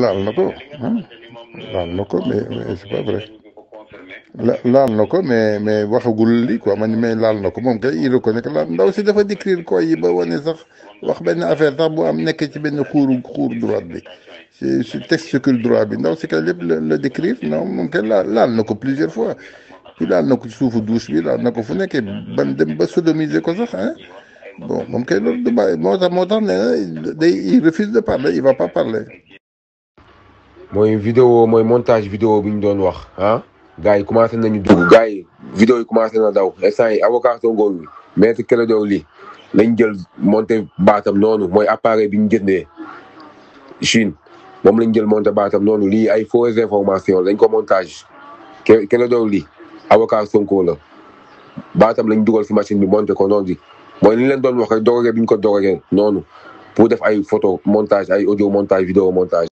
laal na ko mais mais c'est pas vrai laal na mais mais waxagul li quoi man mais laal na ko kay il reconnaît que laal ndaw si dafa décrire quoi yi ba wane sax wax ben affaire sax bu am nekk ci benn cour xuur droite bi si si testicule droit bi ndaw c'est que lépp le, la décrire non moom kay laal laal na plusieurs fois fi laal na ci suufu douche bi laal na fu nekkee ban dem ba sodomiser ko sax hein bon moom kay loolu du bay moo tax moo tax nee day il refuse de parler il va pas parler mooy vidéo mooy montage vidéo bi ñu doon wax ah gars yi commencé nañu dugg gars yi vidéo yi commencé na daw instant yi avocat Sonko bi maître Clédor Ly lañ jël monté baatam noonu mooy appareil bi ñu jëndee Chine moom lañ jël monté baatam noonu lii ay fausses informations dañ ko montage Clédor li avocat Sonko la baatam lañ dugal si machine bi monté ko noonu di mooy li leen doon wax rek dogoree bi ñu ko dogoree noonu pour def ay photo montage ay audio montage vidéo montage